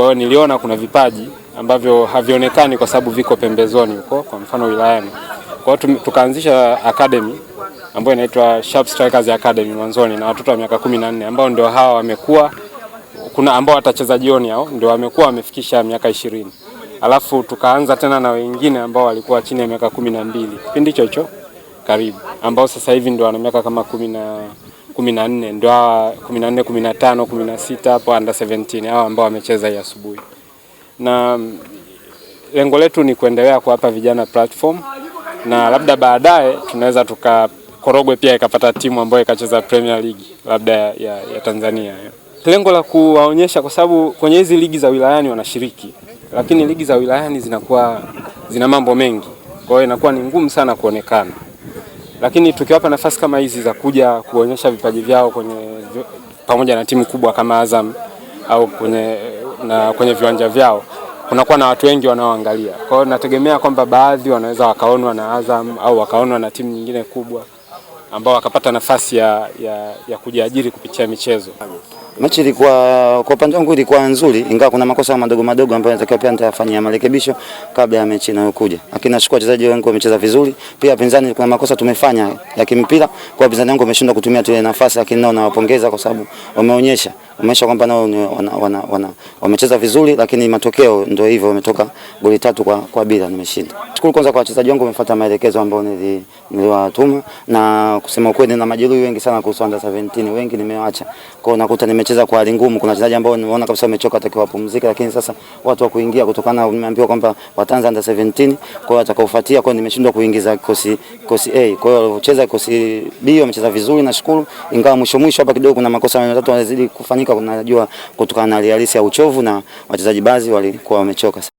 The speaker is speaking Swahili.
Kwa hiyo niliona kuna vipaji ambavyo havionekani kwa sababu viko pembezoni huko, kwa mfano wilayani. Kwa hiyo tukaanzisha academy ambayo inaitwa Sharp Strikers Academy mwanzoni na watoto wa miaka kumi na nne ambao ndio hawa wamekuwa kuna ambao watacheza jioni hao ndio wamekuwa wamefikisha miaka ishirini. Alafu tukaanza tena na wengine ambao walikuwa chini ya miaka kumi na mbili kipindi hicho hicho karibu, ambao sasa hivi ndio wana miaka kama kumi na 14 ndio hawa 14 15 16 hapo under 17 hawa ambao wamecheza hii asubuhi, na mm, lengo letu ni kuendelea kuwapa vijana platform na labda baadaye tunaweza tuka Korogwe pia ikapata timu ambayo ikacheza Premier League labda ya, ya, ya Tanzania. Lengo la kuwaonyesha, kwa sababu kwenye hizi ligi za wilayani wanashiriki, lakini ligi za wilayani zinakuwa zina mambo mengi, kwa hiyo inakuwa ni ngumu sana kuonekana lakini tukiwapa nafasi kama hizi za kuja kuonyesha vipaji vyao kwenye pamoja na timu kubwa kama Azam au kwenye, na kwenye viwanja vyao kunakuwa na watu wengi wanaoangalia. Kwa hiyo nategemea kwamba baadhi wanaweza wakaonwa na Azam au wakaonwa na timu nyingine kubwa ambao wakapata nafasi ya, ya, ya kujiajiri kupitia michezo. Mechi ilikuwa kwa upande wangu ilikuwa nzuri, ingawa kuna makosa madogo madogo ambayo natakiwa pia nitayafanyia marekebisho kabla ya mechi inayokuja, lakini nashukuru wachezaji wangu wamecheza vizuri. Pia pinzani, kuna makosa tumefanya ya kimpira, kwa pinzani wangu wameshindwa kutumia tule nafasi, lakini nao nawapongeza kwa sababu wameonyesha Wameonyesha kwamba nao wana, wana, wana, wamecheza vizuri, lakini matokeo ndio hivyo, wametoka goli tatu kwa, kwa bila nimeshinda. Shukuru kwanza kwa wachezaji wangu, wamefuata maelekezo ambayo niliwatuma, na kusema ukweli na majeruhi wengi sana kuhusu under 17 wengi nimewacha kwao, nakuta nimecheza kwa hali ngumu. Kuna wachezaji ambao nimeona kabisa wamechoka, atakiwa wapumzike, lakini sasa watu wa kuingia kutokana, nimeambiwa kwamba wataanza under 17 kwao atakaofuatia kwao, nimeshindwa kuingiza kikosi kikosi A. Kwa hiyo waliocheza kikosi B wamecheza vizuri, nashukuru, ingawa mwisho mwisho hapa kidogo kuna makosa matatu yanazidi kufanyika kunajua kutokana na hali halisi ya uchovu na wachezaji baadhi walikuwa wamechoka.